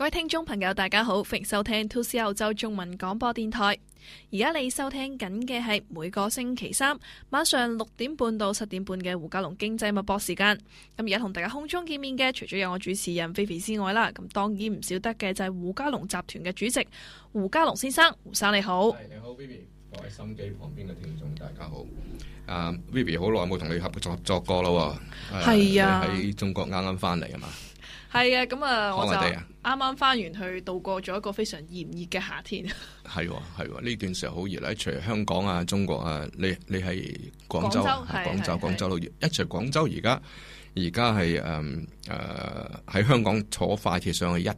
各位聽眾朋友，大家好，歡迎收聽 To C 澳洲中文廣播電台。而家你收聽緊嘅係每個星期三晚上六點半到十點半嘅胡嘉龍經濟脈搏時間。咁而家同大家空中見面嘅，除咗有我主持人 f i f 之外啦，咁當然唔少得嘅就係胡嘉龍集團嘅主席胡嘉龍先生，胡生你好。Hi, 你好 v i v 各位心機旁邊嘅聽眾大家好。啊、uh, v i v 好耐冇同你合作合作過啦。係、uh, 啊，喺中國啱啱翻嚟啊嘛。係啊，咁啊，我就啱啱翻完去度過咗一個非常炎熱嘅夏天。係係，呢段時候好熱啦，除香港啊、中國啊，你你係廣州啊，廣州的廣州好熱，一除的廣州而家而家係誒誒，喺、呃、香港坐快鐵上去一誒。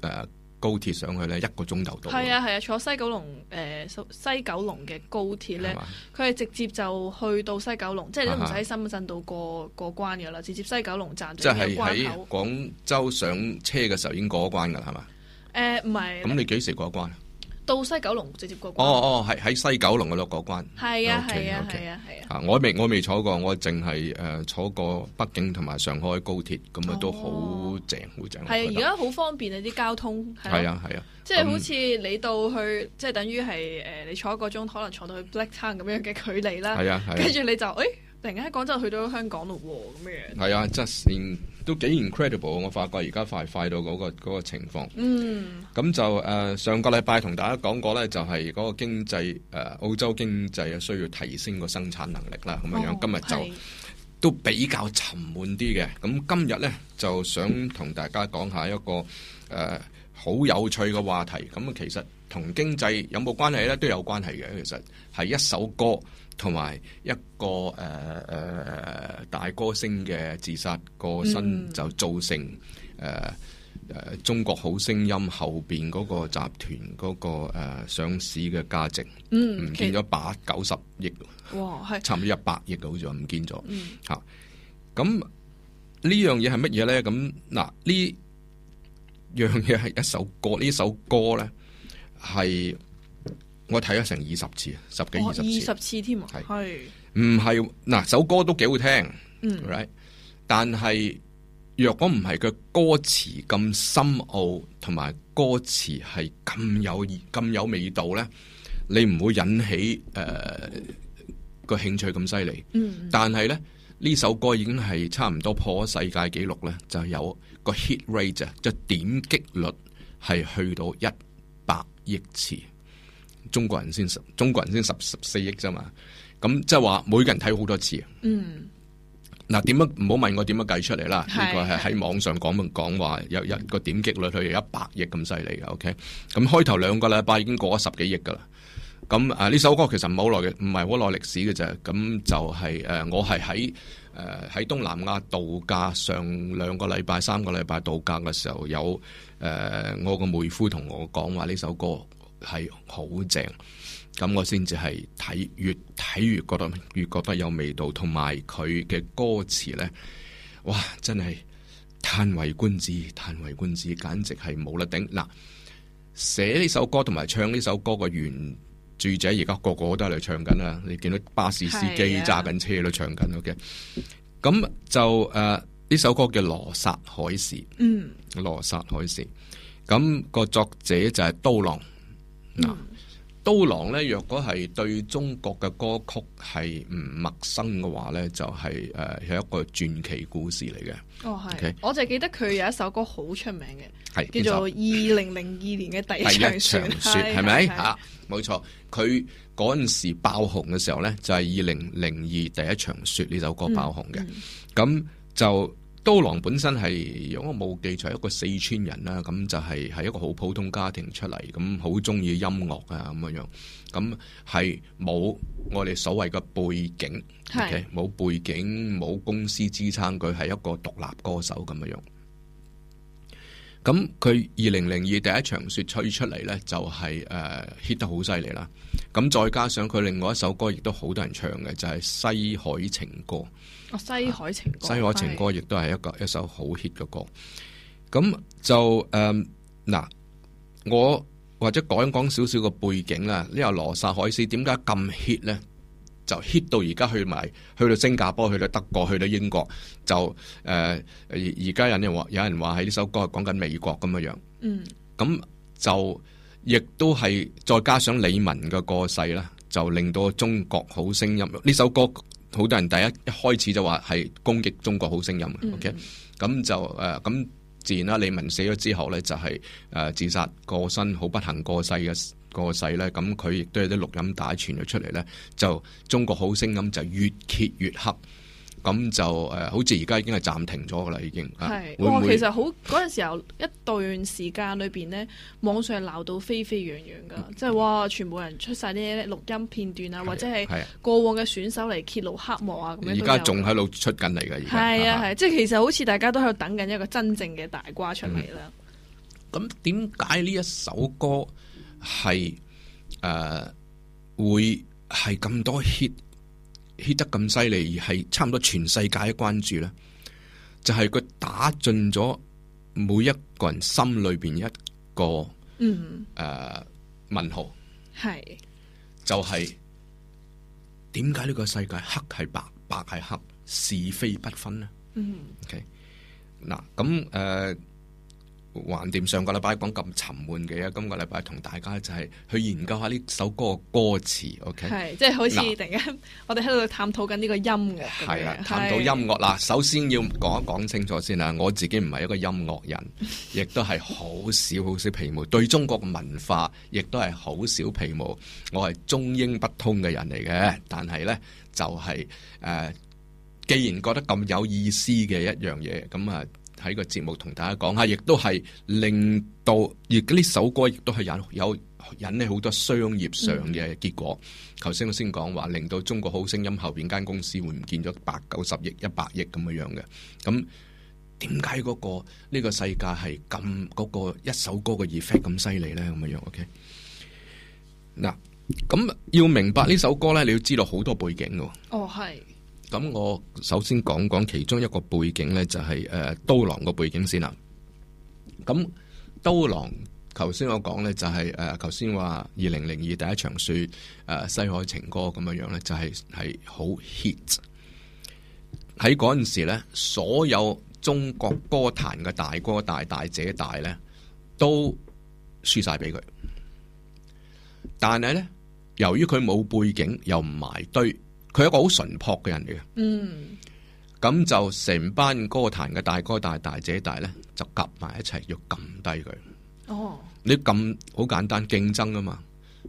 呃高鐵上去咧一個鐘頭到。係啊係啊，坐西九龍誒、呃、西九龍嘅高鐵咧，佢係吧直接就去到西九龍，即係你都唔使深圳度過、啊、哈過關嘅啦，直接西九龍站在。即係喺廣州上車嘅時候已經過咗關㗎啦，係嘛？誒唔係，咁你幾時過關啊？呃到西九龍直接過關。哦哦，係、哦、喺西九龍嗰度過關。係啊係 Okay, 啊係 okay 啊係啊。啊，我未我未坐過，我淨係誒坐過北京同埋上海高鐵，咁啊都好正好正。係、哦、正啊，而家好方便啊啲交通。係啊係啊，即係、啊啊、好似你到去，嗯、即係等於係誒、呃，你坐一個鐘可能坐到去 Blacktown 咁樣嘅距離啦。係啊係，跟住、啊、你就誒。哎突然間喺廣州去到香港咯喎，咁嘅樣。係啊，即係都幾 incredible。我發覺而家快快到嗰、嗰個嗰個情況。嗯。咁就誒、呃、上個禮拜同大家講過咧，就係、係、嗰個經濟、呃、澳洲經濟啊，需要提升個生產能力啦。咁樣，哦、今日就是都比較沉悶啲嘅。咁今日咧，就想同大家講下一個誒好、呃、有趣嘅話題。咁啊，其實同經濟有冇關係咧，都有關係嘅。其實係一首歌。同埋一個誒誒、呃呃、大歌星嘅自殺個身，就造成誒誒、嗯呃《中國好聲音》後邊嗰個集團嗰、那個、呃、上市嘅價值，唔、嗯、見咗八九十億，哇，差唔多一百億好似話唔見咗嚇。咁、嗯啊、呢樣嘢係乜嘢咧？咁嗱，呢樣嘢係一首歌，呢首歌咧係。我睇咗成二十次，十幾二十次添啊，係唔係嗱？首歌都幾好聽，嗯，right? 但係若果唔係佢歌詞咁深奧，同埋歌詞係咁有咁有味道咧，你唔會引起誒個、呃、興趣咁犀利。嗯，但係咧，呢首歌已經係差唔多破咗世界紀錄咧，就有個 hit rate 啊，就點擊率係去到一百億次。中國人先十，中國人先十十四億啫嘛，咁即係話每個人睇好多次、嗯、啊。嗯，嗱，點樣唔好問我點樣計出嚟啦。係，佢係喺網上講講話有一個點擊率去一百億咁犀利嘅。OK，咁開頭兩個禮拜已經過咗十幾億噶啦。咁啊呢首歌其實唔好耐嘅，唔係好耐歷史嘅啫。咁就係、是、誒、呃、我係喺誒喺東南亞度假上兩個禮拜三個禮拜度假嘅時候有誒、呃、我個妹夫同我講話呢首歌係好正，咁我先至係睇，越睇越，越覺得越覺得有味道。同埋佢嘅歌詞咧，哇，真係嘆為觀止，嘆為觀止，簡直係冇得頂嗱。寫呢首歌同埋唱呢首歌嘅原作者，而家個個都喺度唱緊啊！你見到巴士司機揸緊車都唱緊嘅，OK。咁就誒呢首歌叫《羅剎海市》，嗯，羅剎海市。咁個作者就係刀郎。刀郎呢，若果係對中國嘅歌曲係唔陌生嘅話呢就係誒有一個傳奇故事嚟嘅。哦，係。OK，我就記得佢有一首歌好出名嘅，係叫做《二零零二年嘅第一場雪》，係咪吓？冇錯，佢嗰陣時爆紅嘅時候呢，就係二零零二第一場雪呢首歌爆紅嘅。咁就。刀郎本身係，如果我冇記錯，係一個四川人啦。咁就係係一個好普通家庭出嚟，咁好中意音樂啊咁樣樣。咁係冇我哋所謂嘅背景，冇是、okay? 背景，冇公司支撐，佢係一個獨立歌手咁樣樣。咁佢二零零二第一場雪吹出嚟呢，就係、是、誒、uh, hit 得好犀利啦。咁再加上佢另外一首歌，亦都好多人唱嘅，就係、是《西海情歌》。哦、西海情歌，啊、西海情歌亦都係一個是一首好 hit 嘅歌，咁就誒嗱、嗯，我或者講一講少少個背景啦。呢個羅薩海斯點解咁 hit 咧？就 hit 到而家去埋，去到新加坡，去到德國，去到英國，就誒而家有人話，有人話喺呢首歌係講緊美國咁嘅樣。嗯，咁就亦都係再加上李玟嘅過世啦，就令到中國好聲音呢首歌。好多人第一一開始就話係攻擊《中國好聲音》OK 咁就誒咁自然啦、啊。李玟死咗之後咧，就係、誒、自殺過身，好不幸過世嘅過世咧。咁佢亦都有啲錄音帶傳咗出嚟咧，就《中國好聲音》就越揭越黑。咁就誒、呃，好似而家已經係暫停咗噶啦，已經。係。哇，其實好嗰陣時候一段時間裏邊咧，網上鬧到沸沸揚揚噶，嗯、即係哇，全部人出晒呢啲錄音片段啊，或者係過往嘅選手嚟揭露黑幕啊咁樣，而家仲喺度出緊嚟嘅，而家。係啊係，啊啊即係其實好似大家都喺度等緊一個真正嘅大瓜出嚟啦。咁點解呢一首歌係誒、呃、會係咁多 hit？hit 得咁犀利，而係差唔多全世界嘅關注咧，就係、是、佢打進咗每一個人心裏面一個嗯誒哼、呃、問號，係是就係點解呢個世界黑係白，白係黑，是非不分呢？嗯哼，OK 嗱咁誒。呃橫掂上個禮拜講咁沉悶嘅，今個禮拜同大家就係去研究一下呢首歌嘅歌詞。O K，係即係好似突然間、啊，我哋喺度探討緊呢個音樂。係啦，探討音樂嗱，的首先要講一講清楚先啦。我自己唔係一個音樂人，亦都係好少好少皮毛，對中國嘅文化亦都係好少皮毛。我係中英不通嘅人嚟嘅，但係咧就係、是、誒、呃，既然覺得咁有意思嘅一樣嘢，咁啊。喺個節目同大家講下，亦都係令到而呢首歌亦都係引有引起好多商業上嘅結果。頭先我先講話，令到《中國好聲音》後邊間公司會唔見咗百九十億、一百億咁樣樣嘅。咁點解嗰個呢個世界係咁嗰個一首歌嘅 effect 咁犀利咧？咁樣樣，OK？嗱，咁要明白呢首歌咧，嗯、你要知道好多背景嘅。哦，係。咁我首先講講其中一個背景呢，就係、是、誒、啊、刀郎個背景先啦。咁、啊、刀郎，頭先我講呢、就是，就係誒，頭先話二零零二第一場雪誒、啊《西海情歌》咁樣樣呢，就係係好 hit。喺嗰陣時呢，所有中國歌壇嘅大哥大大姐大呢都輸晒俾佢。但係呢，由於佢冇背景，又唔埋堆。佢係一個好淳樸嘅人嚟嘅，咁、嗯、就成班歌壇嘅大哥大、大姐大咧，就夾埋一齊要撳低佢。哦，你咁好簡單，競爭啊嘛。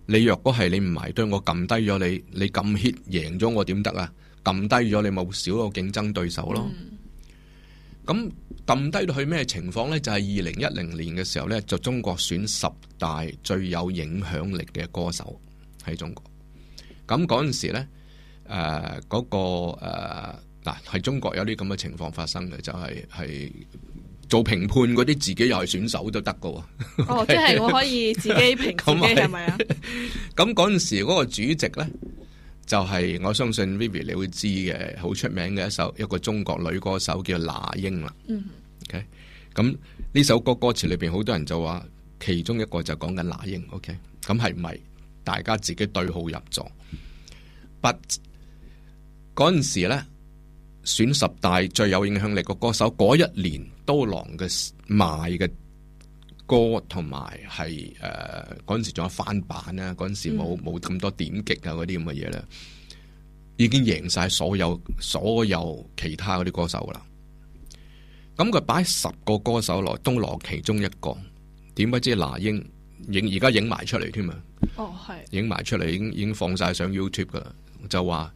你若果係你唔埋堆，我撳低咗你，你撳 hit 贏咗我點得啊？撳低咗你冇少個競爭對手咯。咁撳、嗯、低到去咩情況咧？就係二零一零年嘅時候咧，就中國選十大最有影響力嘅歌手喺中國。咁嗰陣時咧。誒嗰、啊那個嗱，係、啊、中國有啲咁嘅情況發生嘅，就係、是、係做評判嗰啲自己又係選手都得㗎喎。哦， 即係我可以自己評判。係咪啊？咁嗰陣時嗰個主席咧，就係、是、我相信 Vivi 你會知嘅，好出名嘅一首一個中國女歌手叫那英啦。嗯。OK，咁呢首歌歌詞裏邊好多人就話，其中一個就講緊那英。OK，咁係咪大家自己對號入座？不。嗰陣時咧，選十大最有影響力個歌手，嗰一年刀郎嘅賣嘅歌同埋係誒嗰陣時仲有翻版啦，嗰陣時冇冇咁多點擊啊嗰啲咁嘅嘢啦，已經贏晒所有所有其他嗰啲歌手啦。咁佢擺十個歌手落，東羅其中一個，點不知那英影而家影埋出嚟添啊！哦，係影埋出嚟，已經已經放晒上 YouTube 噶啦，就話。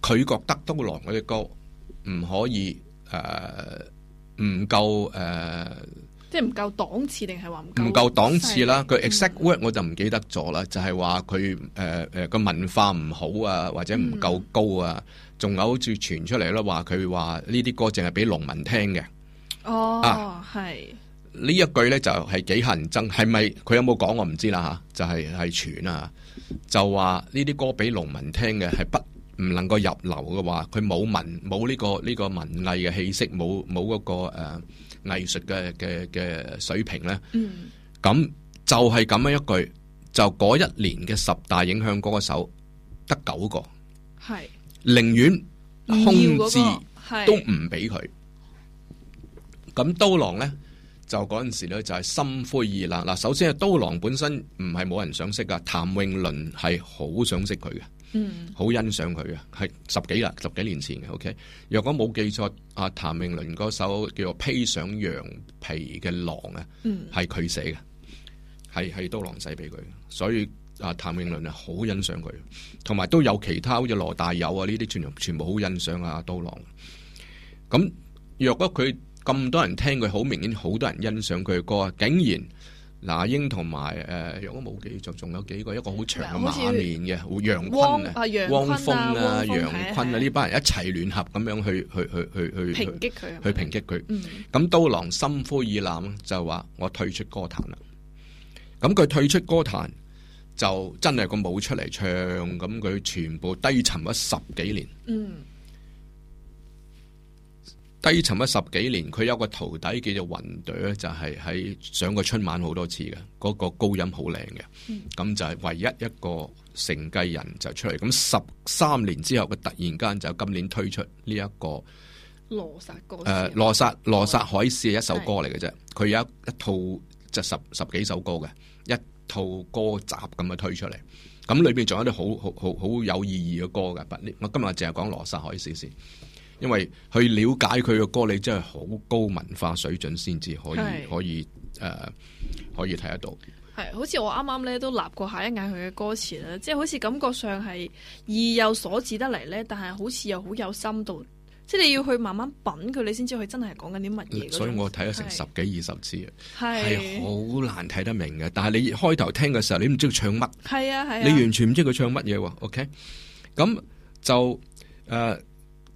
佢覺得刀郎嗰啲歌唔可以，誒唔夠誒，夠呃、即係唔夠檔次，定係話唔夠檔次啦。佢小 exact word 我就唔記得咗啦，嗯、就係話佢誒誒個文化唔好啊，或者唔夠高啊。仲、嗯、有好似傳出嚟啦，話佢話呢啲歌淨係俾農民聽嘅哦，係呢、啊、是一句咧就係幾乞人憎，係咪佢有冇講我唔知啦嚇，就係、是、係、就是、傳啊，就話呢啲歌俾農民聽嘅係不。唔能夠入流嘅話，佢冇文冇呢個呢個文藝嘅氣息，冇冇嗰個誒藝術嘅嘅嘅水平咧。嗯。咁就係咁樣一句，就嗰一年嘅十大影響歌手得九個，係寧願空置都唔俾佢。咁刀郎咧，就嗰陣時咧就係心灰意冷。嗱，首先係，刀郎本身唔係冇人想識㗎，譚詠麟係好想識佢嘅。嗯，好、mm. 欣賞佢啊，係十幾日十幾年前嘅，OK 若。若果冇記錯，阿譚詠麟嗰首叫做披上羊皮嘅狼啊，係佢寫嘅，係係刀郎寫俾佢，所以阿譚詠麟啊好欣賞佢，同埋都有其他好似羅大佑啊呢啲全部全部好欣賞阿、啊、刀郎。咁若果佢咁多人聽佢，好明顯好多人欣賞佢嘅歌啊，竟然。那英同埋誒，我冇記住，仲有幾個，有幾個一個好長嘅馬面嘅，啊啊、楊坤啊、汪峰、啊、楊坤啊呢班的人一齊聯合咁樣去去去去去，抨擊佢，去抨擊佢。咁、嗯、刀郎心灰意冷，就話我退出歌壇啦。咁佢退出歌壇，就真係個舞出嚟唱，咁佢全部低沉咗十幾年。嗯。低沉咗十幾年，佢有個徒弟叫做雲朵，就係、是、喺上過春晚好多次嘅，嗰、那個高音好靚嘅。咁、嗯、就係唯一一個承繼人就出嚟。咁十三年之後，佢突然間就今年推出呢、這、一個羅剎歌。誒、呃，羅剎羅剎海市嘅一首歌嚟嘅啫。佢是有一套就是、十十幾首歌嘅一套歌集咁樣推出嚟。咁裏邊仲有啲好好好好有意義嘅歌嘅。不，我今日淨係講羅剎海市先。因為去了解佢嘅歌，你真係好高文化水準先至可以是可以誒，uh, 可以睇得到。係，好似我啱啱咧都立過下一眼佢嘅歌詞啦，即、就、係、是、好似感覺上係意有所指得嚟咧，但係好似又好有深度，即係你要去慢慢品佢，你先知佢真係講緊啲乜嘢。所以我睇咗成十幾二十次，啊是，係好是難睇得明嘅。但係你開頭聽嘅時候，你唔知佢唱乜，係啊係、啊、你完全唔知佢唱乜嘢喎。OK，咁就誒。Uh,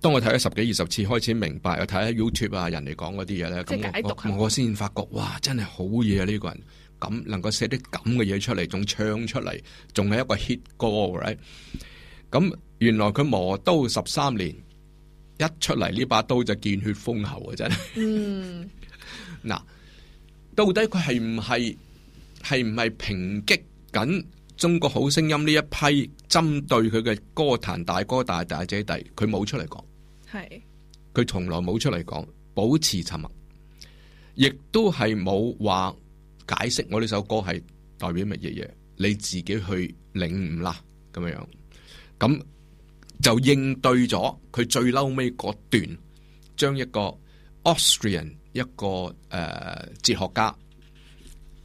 當我睇咗十幾二十次，開始明白。我睇下 YouTube 啊，人嚟講嗰啲嘢咧，咁我先發覺，哇，真係好嘢啊！呢個人咁能夠寫啲咁嘅嘢出嚟，仲唱出嚟，仲係一個 hit 歌咁，right? 原來佢磨刀十三年，一出嚟呢把刀就見血封喉啊！真係。嗯，嗱， 到底佢係唔係係唔係抨擊緊中國好聲音呢一批針對佢嘅歌壇大哥大大姐弟？佢冇出嚟講。係，佢是從來冇出嚟講，保持沉默，亦都係冇話解釋我呢首歌係代表乜嘢嘢，你自己去領悟啦，咁樣樣，咁就應對咗佢最嬲尾嗰段，將一個 Austrian 一個誒、呃、哲學家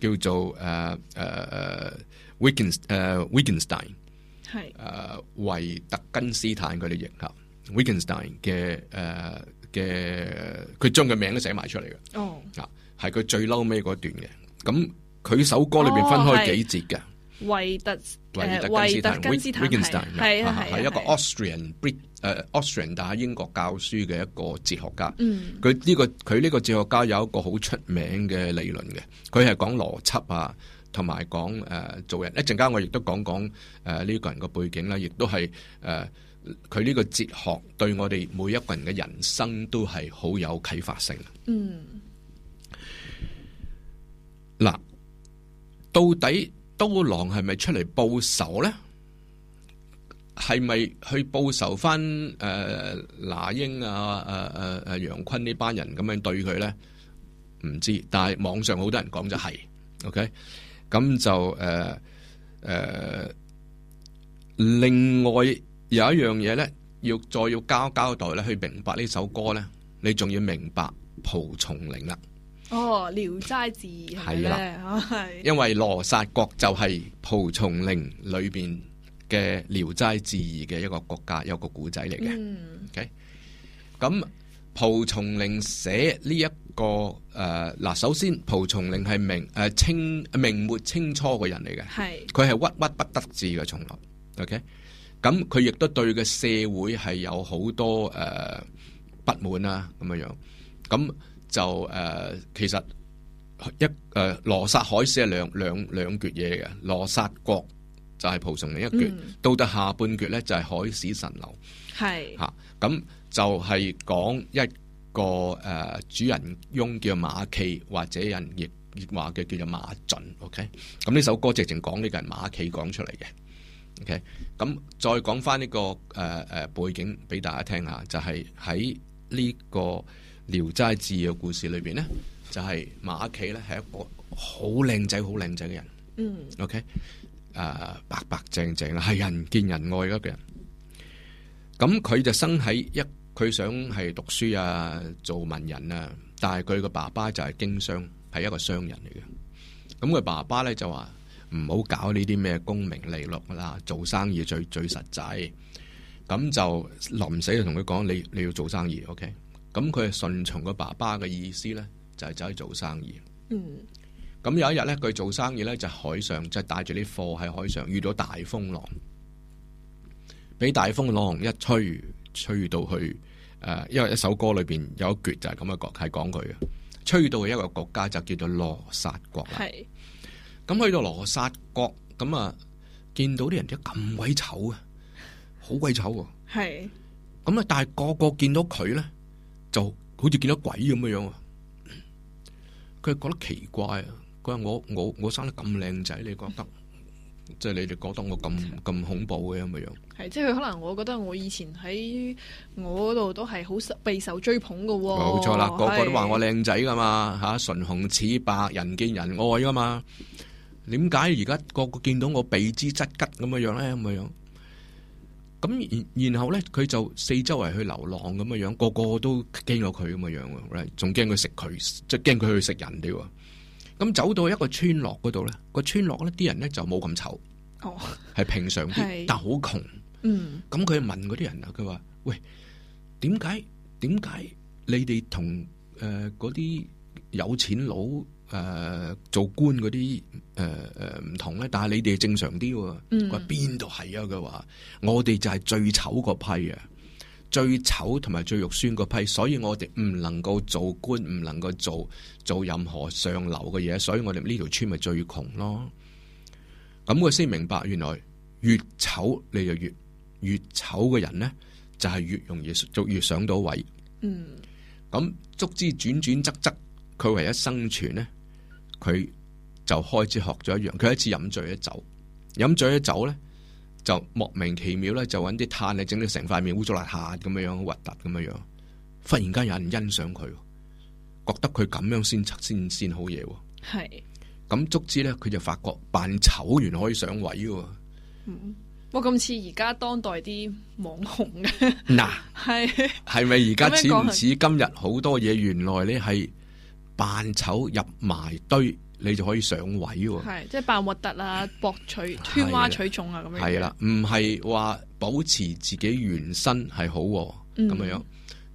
叫做誒誒、呃呃、Wigens 誒 Wittgenstein，係、呃、誒維特根斯坦佢哋迎合。Wittgenstein 嘅誒嘅，佢將個名都寫埋出嚟嘅。哦、oh.，啊，係佢最嬲尾嗰段嘅。咁佢首歌裏邊分開幾節嘅。維特維特根斯坦係係係係一個 Austrian Brit 誒 Austrian 打英國教書嘅一個哲學家。嗯、mm. 這個，佢呢個佢呢個哲學家有一個好出名嘅理論嘅。佢係講邏輯啊，同埋講誒、呃、做人。一陣間我亦都講講誒呢、呃這個人個背景啦，亦都係誒。呃佢呢個哲學對我哋每一個人嘅人生都係好有啟發性。嗯，嗱，到底刀郎係咪出嚟報仇呢？係咪去報仇翻？誒、呃，那英啊，誒誒誒，楊坤呢班人咁樣對佢呢？唔知，但係網上好多人講就係，OK，咁就誒誒，另外。有一樣嘢咧，要再要交交代咧，去明白呢首歌咧，你仲要明白蒲松齡啦。哦，聊齋《聊齋誌異》係啦的，係 因為羅剎國就係蒲松齡裏邊嘅《聊齋誌異》嘅一個國家，有個古仔嚟嘅。嗯、OK，咁蒲松齡寫呢一個誒，嗱、呃，首先蒲松齡係明誒清明末清初嘅人嚟嘅，係佢係屈屈不得志嘅，從來 OK。咁佢亦都對嘅社會係有好多誒、呃、不滿啦咁樣樣，咁就誒、呃、其實一誒羅剎海市係兩兩兩橛嘢嘅，羅剎國就係蒲松齡一橛，嗯、到得下半橛咧就係、是、海市蜃樓，係嚇咁就係講一個誒、呃、主人翁叫馬驥或者人亦話嘅叫做馬俊。OK 咁呢首歌直情講呢個人馬驥講出嚟嘅。OK，咁再講翻呢個誒誒、呃呃、背景俾大家聽下，就係喺呢個《聊齋志異》嘅故事裏邊咧，就係、是、馬驥咧係一個好靚仔、好靚仔嘅人。嗯，OK，誒、呃、白白淨淨啦，係人見人愛嘅一個人。咁佢就生喺一，佢想係讀書啊，做文人啊，但係佢嘅爸爸就係經商，係一個商人嚟嘅。咁佢爸爸咧就話。唔好搞呢啲咩功名利祿啦，做生意最最實際。咁就臨死就同佢講：你你要做生意，OK？咁佢順從個爸爸嘅意思咧，就係、是、走去做生意。嗯。咁有一日咧，佢做生意咧就是、海上，即、就、係、是、帶住啲貨喺海上，遇到大風浪，俾大風浪一吹，吹到去誒，因、呃、為一首歌裏邊有一句就係咁嘅講，係講佢嘅，吹到一個國家就是、叫做羅刹國。係。咁去到羅剎國咁啊，見到啲人點解咁鬼醜啊？好鬼醜喎！係咁啊！但係個個見到佢咧，就好似見到鬼咁樣樣啊！佢係覺得奇怪啊！佢話我我我生得咁靚仔，你覺得？即係 你哋覺得我咁咁恐怖嘅咁嘅樣？係，即係佢可能我覺得我以前喺我嗰度都係好受備受追捧噶喎。冇錯啦，是個個都話我靚仔噶嘛，吓唇紅齒白，人見人愛噶嘛。點解而家個個見到我避之則吉咁樣呢樣咧咁樣樣？咁然然後咧，佢就四周圍去流浪咁樣樣，個個都驚落佢咁樣樣喎，仲驚佢食佢，即係驚佢去食人啲喎。咁走到一個村落嗰度咧，個村落咧啲人咧就冇咁醜，係、哦、平常啲，是但好窮。嗯，咁佢問嗰啲人啊，佢話：喂，點解點解你哋同誒嗰啲有錢佬？誒、呃，做官嗰啲誒誒唔同咧，但係你哋正常啲喎。嗯，佢話邊度係啊？佢話我哋就係最醜個批啊，最醜同埋最肉酸個批，所以我哋唔能夠做官，唔能夠做做任何上流嘅嘢，所以我哋呢條村咪最窮咯。咁佢先明白，原來越醜你就越越醜嘅人咧，就係、是、越容易就越,越上到位。嗯，咁足之轉轉側側，佢為一生存咧。佢就開始學咗一樣，佢一次飲醉咗酒。飲醉咗酒咧就莫名其妙，咧就揾啲炭嚟整到成塊面污糟邋遢咁樣樣，好核突咁樣樣。忽然間有人欣賞佢，覺得佢咁樣先先先好嘢、啊。係咁是，足之咧佢就發覺扮醜原來可以上位喎。嗯，哇！咁似而家當代啲網紅嘅，嗱，係係咪而家似唔似今日好多嘢原來咧係？扮醜入埋堆，你就可以上位喎。係即係扮核突啊、博取嘩眾取寵啊，咁樣的樣。係啦，唔係話保持自己原身係好咁、啊、樣、嗯、樣。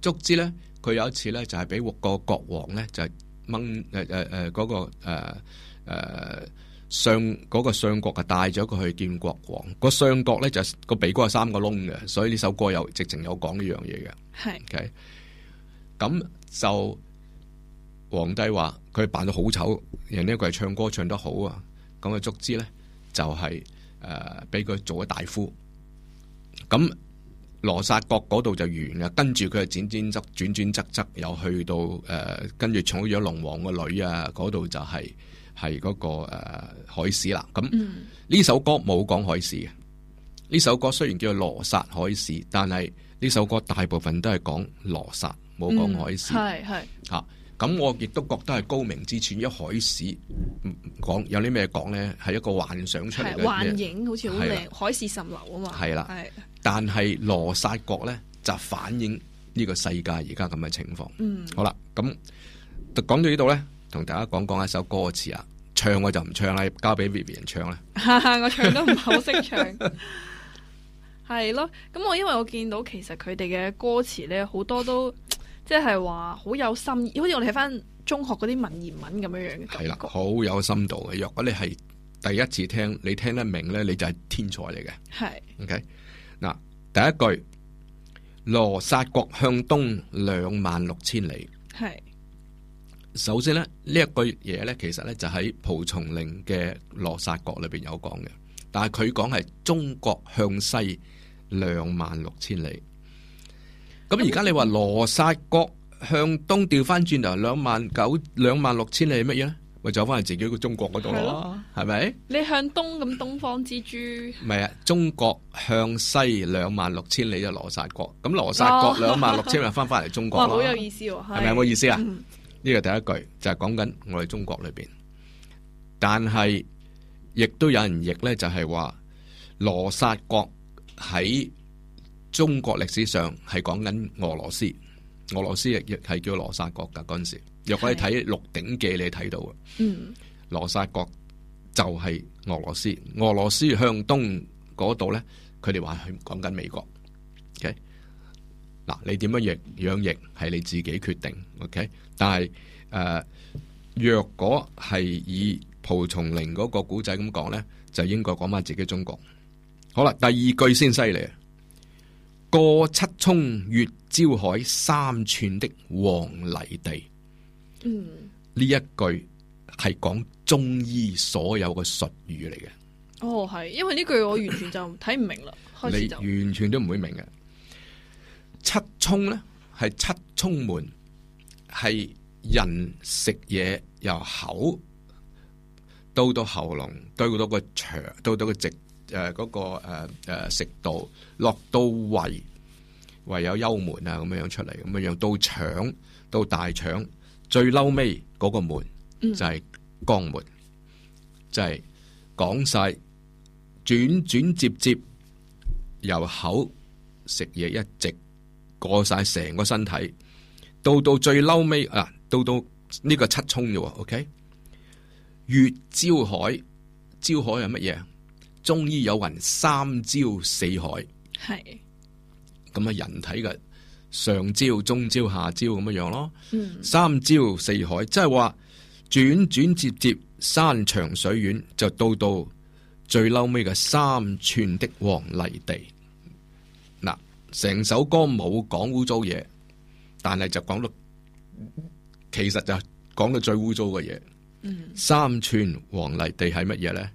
足之咧，佢有一次咧就係俾個國王咧就係掹誒誒誒嗰個誒誒相嗰個相國啊帶咗佢去見國王。嗰個相國咧就係嗰個鼻哥係三個窿嘅，所以呢首歌有直情有講呢樣嘢嘅。係是，咁、okay? 就。皇帝話佢扮到好醜，人呢個係唱歌唱得好啊。咁啊，足之咧就係誒，俾佢做咗大夫。咁羅剎國嗰度就完啦。跟住佢係剪剪側轉轉側側，又去到誒、呃、跟住娶咗龍王個女啊。嗰度就係係嗰個誒、呃、海市啦。咁呢、嗯、首歌冇講海市嘅呢首歌，雖然叫做羅剎海市，但係呢首歌大部分都係講羅剎，冇講海市。係係吓。咁我亦都覺得係高明之處，一海市講有啲咩講咧，係一個幻想出嚟嘅幻影，好似好靚，的海市蜃樓啊嘛。係啦，但係羅刹國咧就反映呢個世界而家咁嘅情況。嗯，好啦，咁講到呢度咧，同大家講講一首歌詞啊，唱我就唔唱啦，交俾 Vivian 唱啦。 我唱都唔係好識唱，係咯。 咁我因為我見到其實佢哋嘅歌詞咧好多都。即係話好有心意，好似我哋睇翻中學嗰啲文言文咁樣樣。係啦，好有深度嘅。如果你係第一次聽，你聽得明咧，你就係天才嚟嘅。係是，OK，嗱，第一句羅剎國向東兩萬六千里。係是，首先咧呢一句嘢咧，其實咧就喺蒲松齡嘅羅剎國裏邊有講嘅，但係佢講係中國向西兩萬六千里。咁而家你話羅剎國向東調翻轉頭，兩萬九兩萬六千里係乜嘢咧？咪走翻嚟自己個中國嗰度咯，係咪？你向東，咁東方之珠？唔係啊，中國向西兩萬六千里就羅剎國。咁羅剎國兩萬六千里翻翻嚟中國。哇，好有意思喎，係咪有冇意思啊？呢個第一句就係講緊我哋中國裏邊，但係亦都有人譯咧，就係話羅剎國喺。中國歷史上係講緊俄羅斯，俄羅斯亦係叫羅剎國噶。嗰陣時，若果你睇《鹿鼎記》，你睇到啊。羅剎國就係俄羅斯，俄羅斯向東嗰度咧，佢哋話係講緊美國。嗱、okay？你點樣譯樣譯係你自己決定。Okay? 但係誒、呃，若果係以蒲松齡嗰個古仔咁講咧，就應該講翻自己中國。好啦，第二句先犀利。過七衝越朝海三寸的黃泥地，嗯，呢一句係講中醫所有嘅術語嚟嘅。哦，係，因為呢句我完全就睇唔明啦， 開始你完全都唔會明嘅。七衝咧係七衝門，係人食嘢由口到到喉嚨，到到個腸，到到個直。誒，嗰、呃那個誒誒、呃呃、食道落到胃，唯有幽門啊，咁樣出嚟，咁樣到腸到大腸，最嬲尾嗰個門就係肛門，就係講晒轉轉接接由口食嘢，一直過晒成個身體，到到最嬲尾啊，到到呢個七衝嘅，OK？月照海，照海係乜嘢？中醫有云，三焦四海，係咁啊！人體嘅上焦、中焦、下焦咁樣樣咯，嗯、三焦四海即係話轉轉接接，山長水遠就到到最嬲尾嘅三寸的黃泥地嗱。成首歌冇講污糟嘢，但係就講到其實就講到最污糟嘅嘢。嗯、三寸黃泥地係乜嘢咧？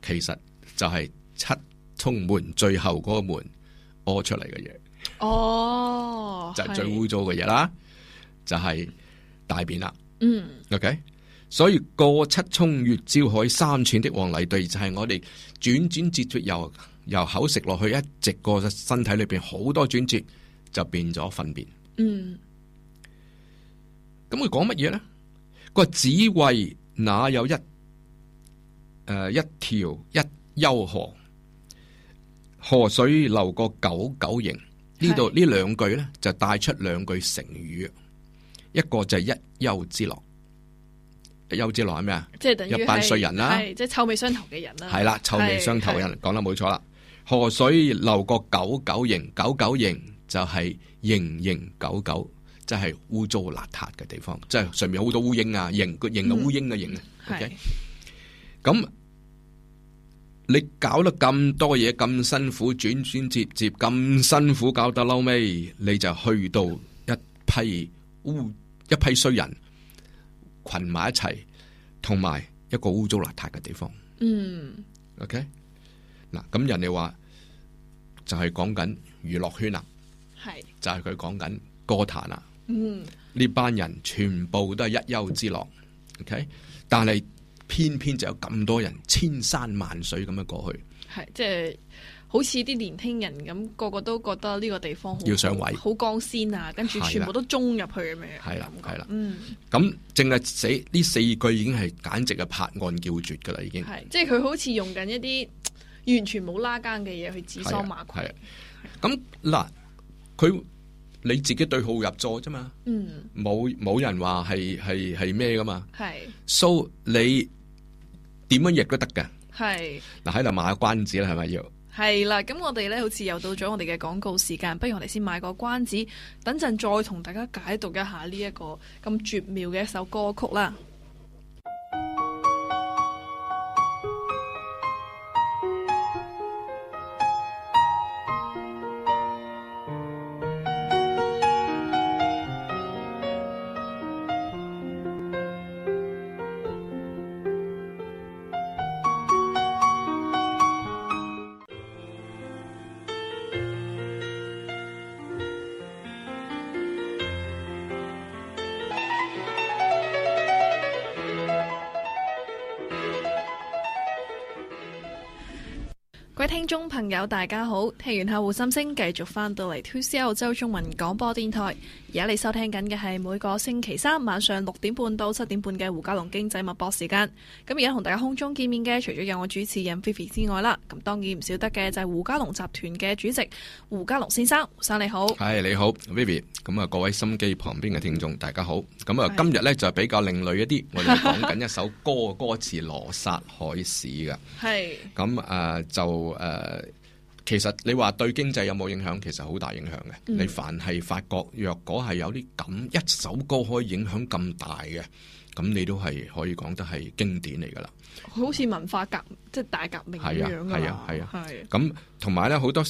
其實。就係七沖門最後嗰個門屙出嚟嘅嘢，哦，就係最污糟嘅嘢啦，是就係大便啦。嗯，OK，所以過七沖月照海三寸的黃泥地，就係、是、我哋轉轉折折由由口食落去，一直過身體裏邊好多轉折，就變咗糞便。嗯，咁佢講乜嘢咧？個只為哪有一誒、呃、一條一。幽河，河水流過九九形，呢度呢兩句咧就帶出兩句成語，一個就係一丘之貉，丘之貉係咩啊？即係等於一班衰人啦，即係臭味相投嘅人啦、啊。係啦，臭味相投嘅人，講得冇錯啦。河水流過九九形，九九形就係形形九九，即係污糟邋遢嘅地方，即係上面好多烏蠅啊，形個形個烏蠅嘅形啊。係咁。你搞得咁多嘢咁辛苦，轉轉接接咁辛苦，搞得撈尾，你就去到一批烏一批衰人群埋一齊，同埋一個污糟邋遢嘅地方。嗯，OK 嗱，咁人哋話就係講緊娛樂圈啦，係是就係佢講緊歌壇啦，嗯，呢班人全部都係一丘之貉，OK，但係。偏偏就有咁多人千山萬水咁樣過去，係即係好似啲年輕人咁，個個都覺得呢個地方要上位，好光鮮啊！跟住全部都中入去咁樣，係啦，係啦，嗯，咁淨係寫呢四句已經係簡直係拍案叫絕噶啦，已經係即係佢好似用緊一啲完全冇拉更嘅嘢去指桑罵槐，係啊，咁嗱，佢你自己對號入座啫、嗯、嘛，嗯的，冇冇人話係係係咩噶嘛，係，so 你。點樣譯都得㗎，係嗱喺度買下關子啦，係咪要？係啦，咁我哋咧好似又到咗我哋嘅廣告時間，不如我哋先買個關子，等陣再同大家解讀一下呢一個咁絕妙嘅一首歌曲啦。觀眾朋友大家好，聽完後互心聲，繼續翻到嚟 TCL 歐洲中文廣播電台。而家你收聽緊嘅係每個星期三晚上六點半到七點半嘅胡家龍經濟脈搏時間。咁而家同大家空中見面嘅，除咗有我主持人 Vivi 之外啦，咁當然唔少得嘅就係胡家龍集團嘅主席胡家龍先生，胡先生你好。係，你好，Vivi。咁啊，各位心機旁邊嘅聽眾大家好。咁啊，今日呢，就比較另類一啲，我哋講緊一首歌 歌詞《羅剎海市》噶。係、uh,。咁啊，就誒。誒，其實你話對經濟有冇影響？其實好大影響嘅。嗯、你凡係發覺，若果係有啲咁一首歌可以影響咁大嘅，咁你都係可以講得係經典嚟噶啦。好似文化革命，即係大革命咁樣。係啊，係啊，係啊。咁同埋咧，好多。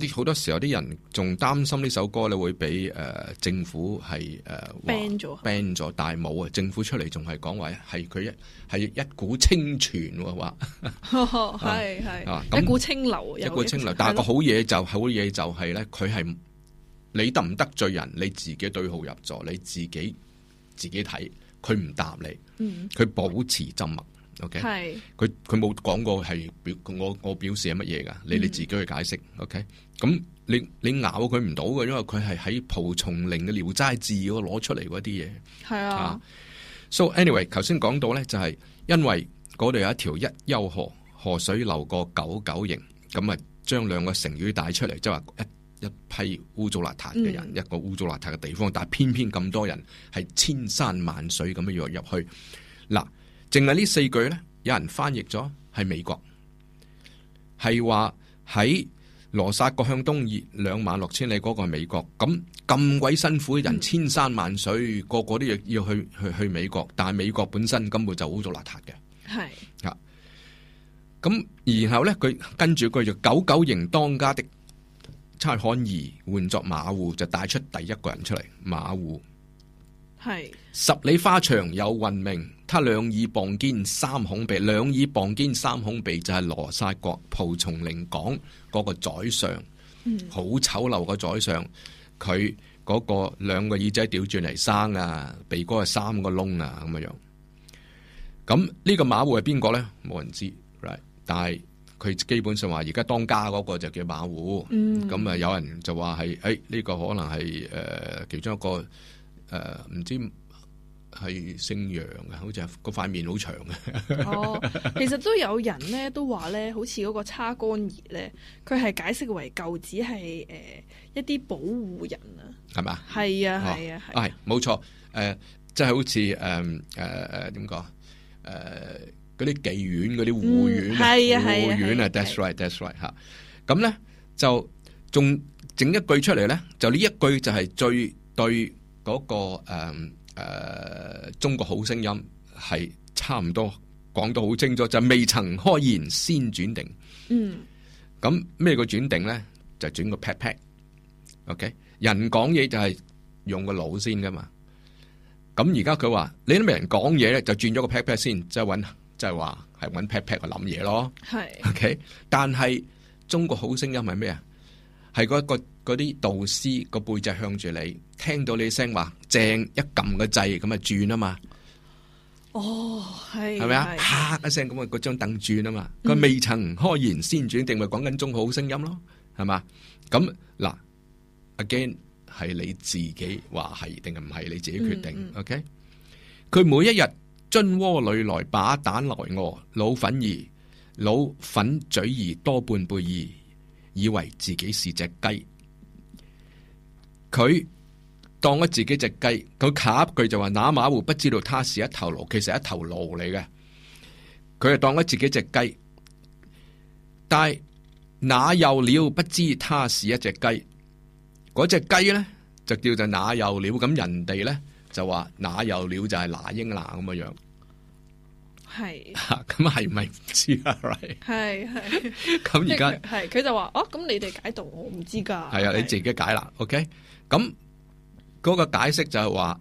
啲好多時候，啲人仲擔心呢首歌咧會俾誒政府係誒 ban 咗，ban 咗，了但係冇啊！政府出嚟仲係講話係佢一係一股清泉喎話，係係一股清流，一股清流。但係個好嘢就係、好嘢就係、係、咧，佢係你得唔得罪人，你自己對號入座，你自己自己睇，佢唔答你，佢保持沉默。OK，佢佢冇講過係表我我表示係乜嘢噶？你你自己去解釋。嗯、OK，咁你你咬佢唔到嘅，因為佢係喺蒲松齡嘅《聊齋志異》攞出嚟嗰啲嘢。係啊，So anyway，頭先講到咧，就係因為嗰度有一條一丘河，河水流過九九形，咁啊，將兩個成語帶出嚟，即係話一一批污糟邋遢嘅人，嗯、一個污糟邋遢嘅地方，但係偏偏咁多人係千山萬水咁樣入入去嗱。淨係呢四句呢，有人翻譯咗係美國，係話喺羅剎國向東二兩萬六千里嗰個係美國。咁咁鬼辛苦嘅人，嗯、千山萬水，個個都要要去去去美國。但係美國本身根本就污糟邋遢嘅，係啊。咁然後呢，佢跟住繼續九九營當家的差漢兒換作馬戶，就帶出第一個人出嚟，馬戶係是十里花場有運命。他兩耳傍肩三孔鼻，兩耳傍肩三孔鼻就係羅剎國蒲松齡講嗰個宰相，好醜、嗯、陋個宰相，佢嗰個兩個耳仔掉轉嚟生啊，鼻哥係三個窿啊，咁樣。咁呢、呢個馬戶係邊個咧？冇人知，right, 但係佢基本上話而家當家嗰個就叫馬戶。咁啊、嗯，有人就話係誒呢個可能係誒其中一個誒唔、呃、知。係姓楊嘅，好似係個塊面好長嘅。 哦，其實都有人咧，都話咧，好似嗰個叉干兒咧，佢係解釋為舊址係誒一啲保護人吧啊，係咪啊？係、哦、啊，係啊，係，冇錯。誒、呃，即、就、係、是、好似誒誒誒，點、呃、講？誒、呃，嗰啲、呃、妓院嗰啲護院，係、嗯、啊，係護院啊，啊，啊，that's right，that's right，吓。咁咧就仲整一句出嚟咧，就呢一句就係最對嗰、那個誒。呃誒、呃，中國好聲音係差唔多講到好清楚，就是、未曾開言先轉定。嗯，咁咩叫轉定咧？就轉個 pat pat。OK，人講嘢就係用個腦先噶嘛。咁而家佢話你都未人講嘢咧，就轉咗個 pat pat 先，即係搵，即係話係搵 pat pat 去諗嘢咯。係 OK，是但係中國好聲音係咩啊？係嗰一個啲導師個背脊向住你，聽到你聲話。正一撳個掣咁啊轉啊嘛，哦係係咪啊，啪一聲咁啊，嗰張凳轉啊嘛，佢未曾開言先轉，定咪講緊中好聲音咯，係嘛？咁嗱，Again 係你自己話係定係唔係你自己決定？嗯嗯，OK？佢每一日樽窩裏來把蛋來餓，老粉兒老粉嘴兒多半輩兒，以為自己是隻雞，佢。當咗自己隻雞，佢卡佢就話：，那馬戶不知道他是一頭驢，其實係一頭驢嚟嘅。佢係當咗自己隻雞，但係那又鳥不知他是一隻雞。嗰隻雞咧就叫做那又鳥，咁人哋咧就話那又鳥就係那英男咁嘅樣。係是，咁係咪唔知啊？係，係、right? 係。咁而家係佢就話：，哦，咁你哋解讀我唔知㗎。係啊，你自己解啦。的 OK，咁。嗰個解釋就係話，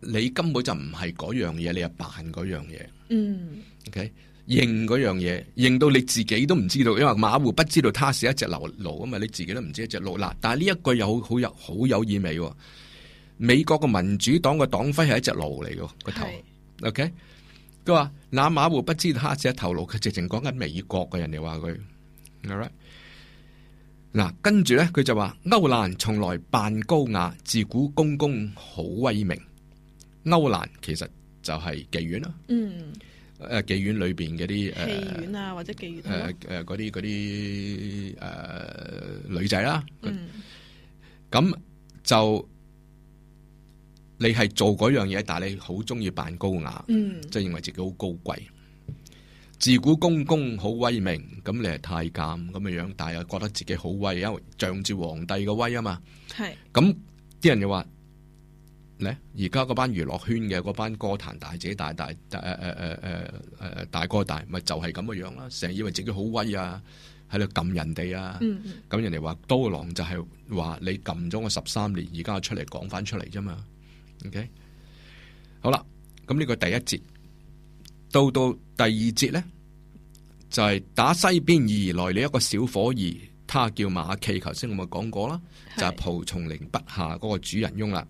你根本就唔係嗰樣嘢，你係扮嗰樣嘢。嗯，OK，認嗰樣嘢，認到你自己都唔知道，因為馬戶不知道他是一隻驢，啊嘛，你自己都唔知一隻驢。嗱，但係呢一句又好好有好有意味，哦。美國個民主黨個黨徽係一隻驢嚟嘅個頭。是 OK，佢話那馬戶不知道他是一頭驢，佢直情講緊美國嘅人就話佢，嗱，跟住咧，佢就話：歐蘭從來扮高雅，自古公公好威名。歐蘭其實就係妓院咯，嗯，誒，妓院裏邊嗰啲誒，妓院啊，或者妓院誒、啊、誒，嗰啲啲誒女仔啦。嗯。咁就你係做嗰樣嘢，但係你好中意扮高雅，即係、嗯、認為自己好高貴。自古公公好威名，咁你係太監咁嘅樣，但係又覺得自己好威，因為仗住皇帝嘅威啊嘛。係咁啲人就話：咧而家嗰班娛樂圈嘅嗰班歌壇大姐大大、誒誒誒誒誒大哥大，咪就係咁嘅樣啦，成日以為自己好威啊，喺度撳人哋啊。咁是人哋話刀郎就係話你撳咗我十三年，而家出嚟講翻出嚟啫嘛。OK，好啦，咁呢個第一節。到到第二節咧，就係、是、打西邊而來嘅一個小伙兒，他叫馬驥，頭先我咪講過啦，是就係蒲松齡筆下嗰個主人翁啦。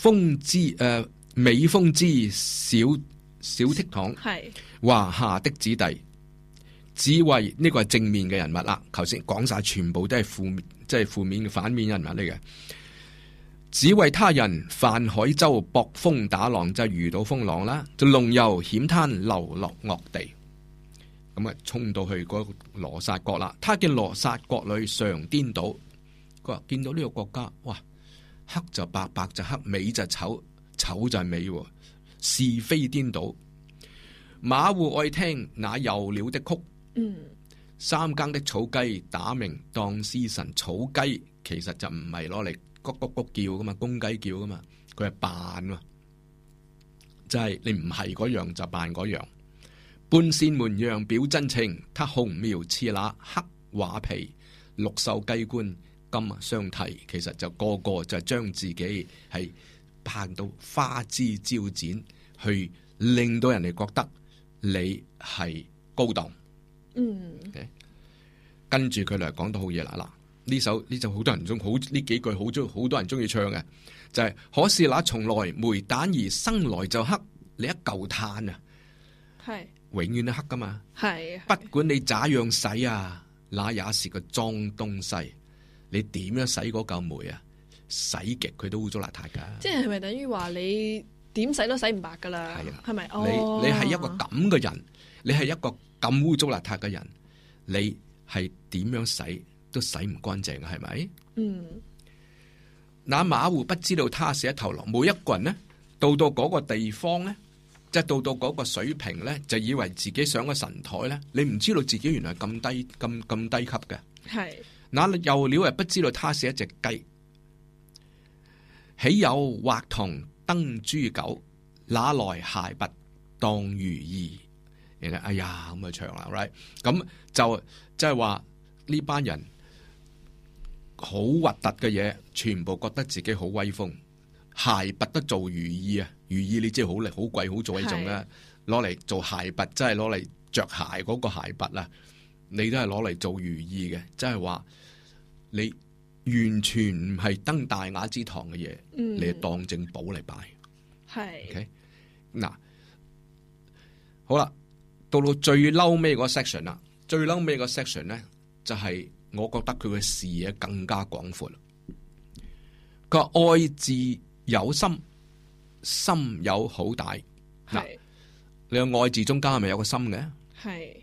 風之誒、呃，美風之小小倜儻，係華是夏的子弟，只為呢、這個係正面嘅人物啦。頭先講晒全部都係負面，即係負面嘅反面人物嚟嘅。只為他人泛海舟，搏風打浪就遇到風浪啦，就龍游險灘，流落惡地。咁啊，衝到去個羅剎國啦。他見羅剎國裏常顛倒，佢話見到呢個國家，哇，黑就白，白，白就黑，美就醜，醜就係美，是非顛倒。馬戶愛聽那又鳥的曲，嗯，三更的草雞打鳴當司晨，草雞其實就唔係攞嚟。谷谷谷叫噶嘛，公雞叫噶嘛，佢係扮嘛，就係、是、你唔係嗰樣就扮嗰樣，半仙模樣表真情，他紅描翅那黑畫皮，綠壽雞冠金相提，其實就個個就將自己係扮到花枝招展，去令到人哋覺得你係高檔。嗯，跟住佢嚟講到好嘢啦嗱。呢首呢就好多人中好呢幾句好中好多人中意唱嘅就係、是。可是那從來煤蛋兒生來就黑，你一嚿炭啊，係是永遠都黑噶嘛？係，不管你咋樣洗啊，那也是個髒東西。你點樣洗嗰嚿煤啊？洗極佢都污糟邋遢噶。即係咪等於話你點洗都洗唔白噶啦？係咪、啊？是是你、哦、你係一個咁嘅人，你係一個咁污糟邋遢嘅人，你係點樣洗？都洗唔乾淨嘅，係咪？嗯。那馬戶不知道他是一頭狼。每一個人呢，到到嗰個地方呢，即係到到嗰個水平呢，就以為自己上個神台呢，你唔知道自己原來咁低，咁咁低級嘅。係。那幼鳥又不知道他是一隻雞。豈有畫堂登豬狗，哪來鞋拔當如意。哎呀咁去長啦，right？咁就即係話呢班人。好核突嘅嘢，全部覺得自己好威風，鞋拔得做如意啊！如意你知好厲，好貴，好做貴重啦。攞嚟做鞋拔，真係攞嚟着鞋嗰個鞋拔啊！你都係攞嚟做如意嘅，即係話你完全唔係登大雅之堂嘅嘢，嗯、你當正寶嚟擺。係是，嗱、Okay？好啦，到到最嬲尾嗰 section 啦，最嬲尾個 section 咧就係、是。我覺得佢嘅視野更加廣闊啦。佢話愛字有心，心有好大。嗱是，你個愛字中間係咪有個心嘅？係是。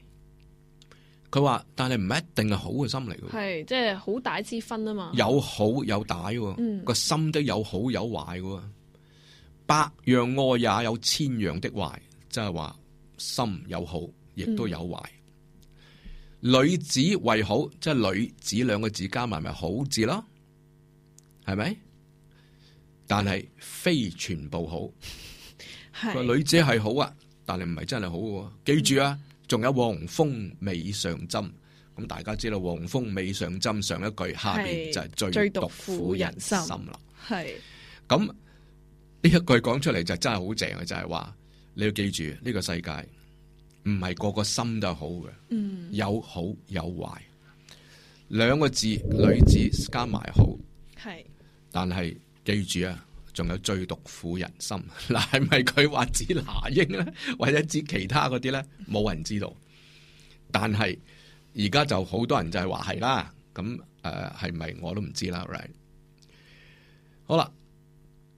佢話，但係唔一定係好嘅心嚟嘅。係，即係好大之分啊嘛。有好有大，個、嗯、心都有好有壞嘅。百樣愛也有千樣的壞，即係話心有好，亦都有壞。嗯女子為好，即係女子兩個字加埋咪好字咯，係咪？但係非全部好，個 是女子」係好啊，但係唔係真係好嘅、啊。記住啊，仲有黃蜂尾上針，咁大家知道黃蜂尾上針上一句下邊就係最毒婦人心啦。係咁呢一句講出嚟，就真係好正嘅，就係、是、話你要記住呢、這個世界。唔係個個心就好嘅，嗯、有好有壞。兩個字女子加埋好，係是，但係記住啊，仲有最毒婦人心。嗱，係咪佢話指那英咧，或者指其他嗰啲咧？冇人知道。但係而家就好多人就係話係啦，咁誒係咪我都唔知啦。Right 好啦，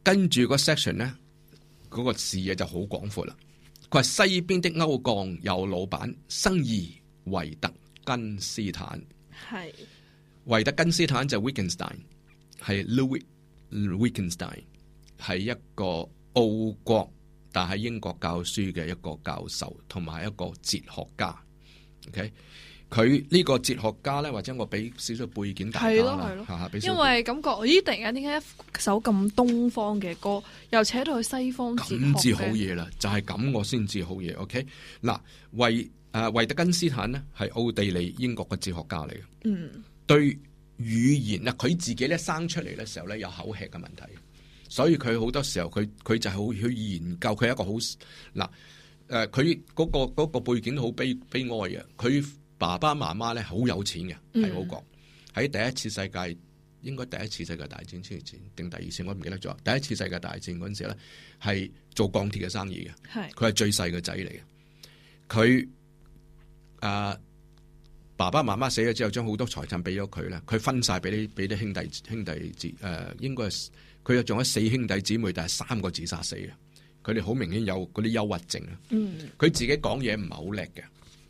跟住個 section 咧，嗰個視野就好廣闊啦。佢話西邊的歐鋼有老闆，生意，維特根斯坦。係是，維特根斯坦就係 Wittgenstein，係 Louis Wittgenstein，係一個澳國但係英國教書嘅一個教授同埋一個哲學家。OK。佢呢個哲學家咧，或者我俾少少背景大家啦，因為感覺咦、哎，突然間點解一首咁東方嘅歌，又扯到去西方哲學？咁至好嘢啦，就係咁，我先至好嘢。OK，嗱，維誒維特根斯坦呢係奧地利英國嘅哲學家嚟嘅，嗯，對語言啊，佢自己咧生出嚟嘅時候咧有口吃嘅問題，所以佢好多時候佢佢就係好去研究，佢係一個好嗱誒，佢嗰、呃嗰個、嗰個背景好悲悲哀嘅，佢。爸爸媽媽咧好有錢嘅喺歐國，喺第一次世界應該第一次世界大戰之前定第二次，我唔記得咗。第一次世界大戰嗰陣時咧，係做鋼鐵嘅生意嘅，佢係是最細個仔嚟嘅。佢啊爸爸媽媽死咗之後，將好多財產俾咗佢啦，佢分晒俾啲俾啲兄弟兄弟子誒、呃，應該佢有仲有四兄弟姊妹，但係三個自殺死嘅，佢哋好明顯有嗰啲憂鬱症啊。佢自己講嘢唔係好叻嘅，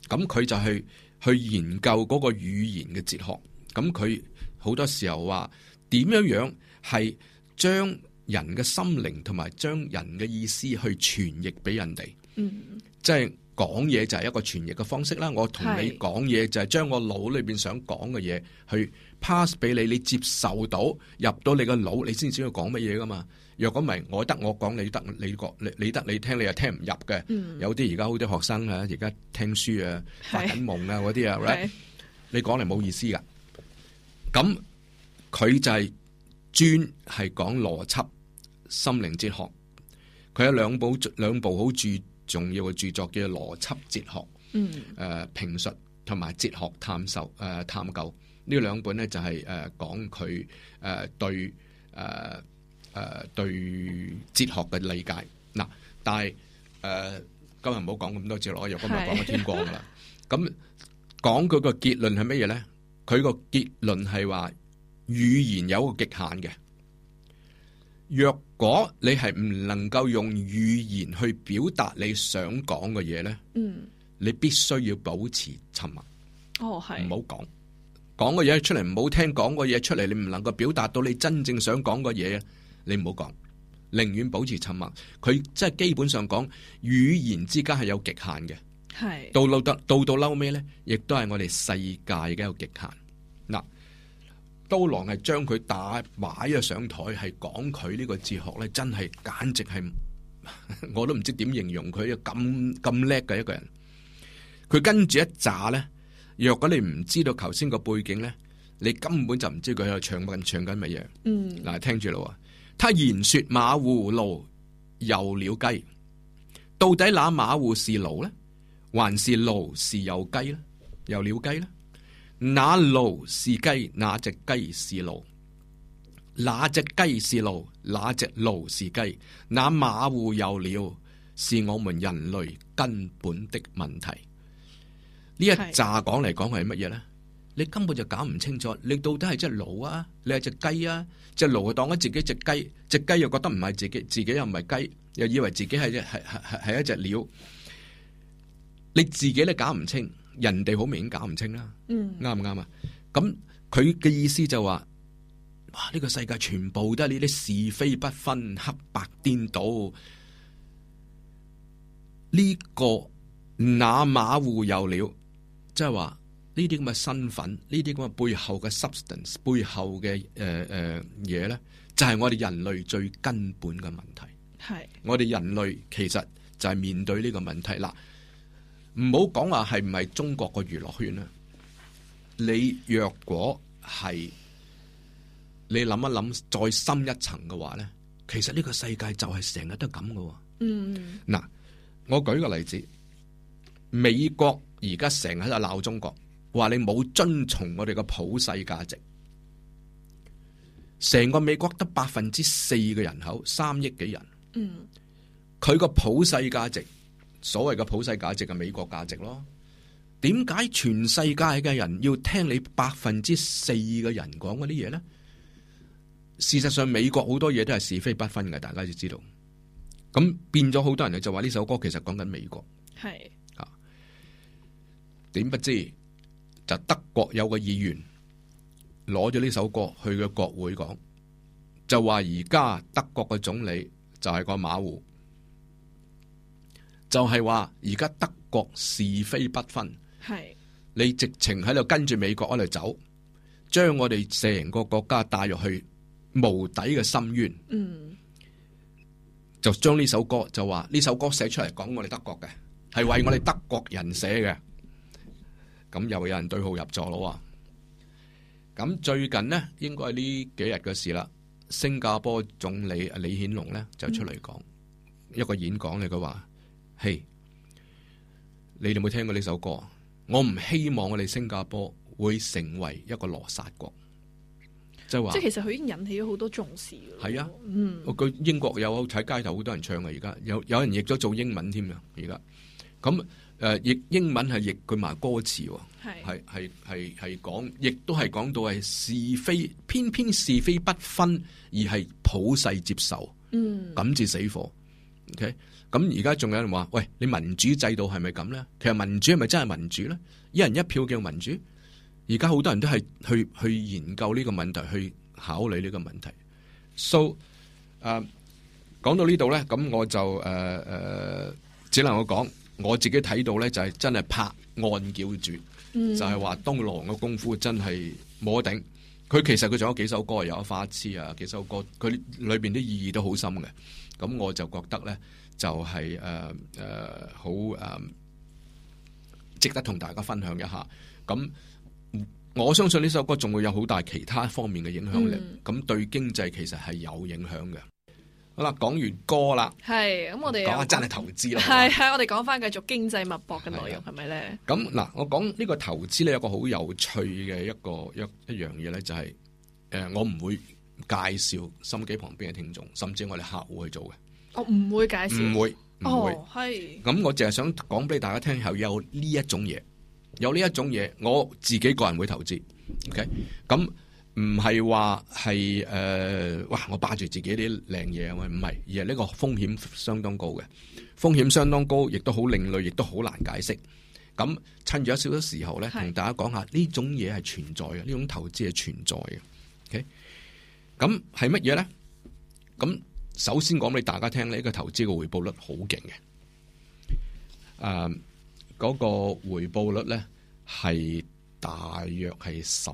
咁佢就去。去研究嗰個語言嘅哲學，咁佢好多時候話點樣樣係將人嘅心靈同埋將人嘅意思去傳譯俾人哋，嗯，即係講嘢就係一個傳譯嘅方式啦。我同你講嘢就係將我腦裏面想講嘅嘢去，pass 俾你，你接受到入到你個腦，你先知道講乜嘢噶嘛。若果唔係，我得我講，你得你講，你得你得你聽，你又聽唔入嘅。嗯、有啲而家好多學生啊，而家聽書啊，發緊夢啊嗰啲啊，你講嚟冇意思噶。咁佢就係專係講邏輯、心靈哲學。佢有兩部兩部好注重要嘅著作叫做《邏輯哲學》。嗯。誒、呃，評述同埋哲學探受誒、呃、探究。呢兩本咧就係、是、誒、呃、講佢誒對誒誒對哲學嘅理解嗱、啊，但係誒、呃、今日唔好講咁多字咯，又今日講到是天光啦。咁 講佢個結論係乜嘢咧？佢個結論係話語言有個極限嘅。若果你係唔能夠用語言去表達你想講嘅嘢咧，嗯，你必須要保持沉默。哦，係唔好講。講個嘢出嚟唔好聽，講個嘢出嚟你唔能夠表達到你真正想講個嘢，你唔好講，寧願保持沉默。佢即係基本上講語言之間係有極限嘅，係是到得到，到到嬲尾咧？亦都係我哋世界嘅一個極限。嗱，刀郎係將佢打埋咗上台，係講佢呢個哲學咧，真係簡直係我都唔知點形容佢咁咁叻嘅一個人。佢跟住一詐咧。若果你唔知道頭先個背景咧，你根本就唔知佢喺度唱緊唱緊乜嘢。嗱、嗯，聽住啦喎，他言說馬戶驢又鳥雞，到底那馬戶是驢咧，還是驢是有雞咧？又鳥雞咧？那驢是雞，那隻雞是驢，那隻雞是驢，那隻驢是雞，那馬戶又鳥，是我們人類根本的問題。這一講講是什麼呢，一扎講嚟講係乜嘢咧？你根本就搞唔清楚，你到底係隻驢啊？你係隻雞啊？隻驢又當咗自己隻雞，隻雞又覺得唔係自己，自己又唔係雞，又以為自己係一係係係一隻鳥。你自己都搞唔清，人哋好明顯搞唔清啦。嗯，啱唔啱啊？咁佢嘅意思就話：哇！呢、這個世界全部都係呢啲是非不分、黑白顛倒，呢、這個那馬戶又鳥。即係話呢啲咁嘅身份，呢啲咁嘅背後嘅 substance，背後嘅誒誒嘢咧，就係、是、我哋人類最根本嘅問題。係是我哋人類其實就係面對呢個問題啦。嗱，唔好講話係唔係中國個娛樂圈啦，你若果係你諗一諗再深一層嘅話咧，其實呢個世界就係成日都咁噶。嗯，嗱，我舉個例子。美國而家成日喺度鬧中國，話你冇遵從我哋嘅普世價值。成個美國得百分之四嘅人口，三億幾人，嗯，佢個普世價值，所謂嘅普世價值嘅美國價值咯。點解全世界嘅人要聽你百分之四嘅人講嗰啲嘢呢？事實上，美國好多嘢都係是，是非不分嘅，大家就知道。咁變咗，好多人就話呢首歌其實講緊美國係。點不知就德國有個議員攞咗呢首歌去嘅國會講，就話而家德國嘅總理就係個馬虎，就係話而家德國是非不分，係是你直情喺度跟住美國度走，將我哋成個國家帶入去無底嘅深淵。嗯，就將呢首歌就話呢首歌寫出嚟講我哋德國嘅，係為我哋德國人寫嘅。咁又有人對號入座咯喎！咁最近呢應該係呢幾日嘅事啦。新加坡總理李顯龍呢就出嚟講、嗯、一個演講嚟，佢話：嘿、hey，你哋有冇聽過呢首歌？我唔希望我哋新加坡會成為一個羅剎國，就話即係其實佢已經引起咗好多重視嘅。係啊，佢、嗯、英國有喺街頭好多人唱嘅，而家有有人譯咗做英文添啊，而家咁。誒，亦、uh, 英文係譯佢埋歌詞，係係係係講，亦都係講到係是,是非，偏偏是非不分，而係普世接受，嗯，咁至死火。OK，咁而家仲有人話：喂，你民主制度係咪咁咧？其實民主係咪真係民主咧？一人一票嘅民主？而家好多人都係去去研究呢個問題，去考慮呢個問題。So，誒、uh, 講到呢度咧，咁我就誒誒，uh, uh, 只能我講。我自己睇到咧，就係、是、真係拍案叫絕，嗯、就係話東郎嘅功夫真係冇得頂。佢其實佢仲有幾首歌有花痴啊，幾首歌佢裏邊啲意義都好深嘅。咁我就覺得咧，就係誒誒好誒值得同大家分享一下。咁我相信呢首歌仲會有好大其他方面嘅影響力。咁、嗯、對經濟其實係有影響嘅。好啦，講完歌啦，係咁我哋講下真係投資啦，係係我哋講翻繼續經濟脈搏嘅內容係咪咧？咁嗱的，我講呢個投資咧，有個好有趣嘅一個一一樣嘢咧，就是，就係誒我唔會介紹心機旁邊嘅聽眾，甚至我哋客戶去做嘅，我唔、哦、會介紹，唔會唔會係。咁、哦、我淨係想講俾大家聽，有呢一種嘢，有呢一種嘢，我自己個人會投資。OK，咁。唔係話係誒，哇！我霸住自己啲靚嘢啊！唔係，而係呢個風險相當高嘅，風險相當高，亦都好另類，亦都好難解釋。咁趁住有少少時候咧，同是大家講下呢種嘢係存在嘅，呢種投資係存在嘅。OK，咁係乜嘢咧？咁首先講俾大家聽咧，呢個投資嘅回報率好勁嘅。誒、呃，嗰個回報率咧係大約係十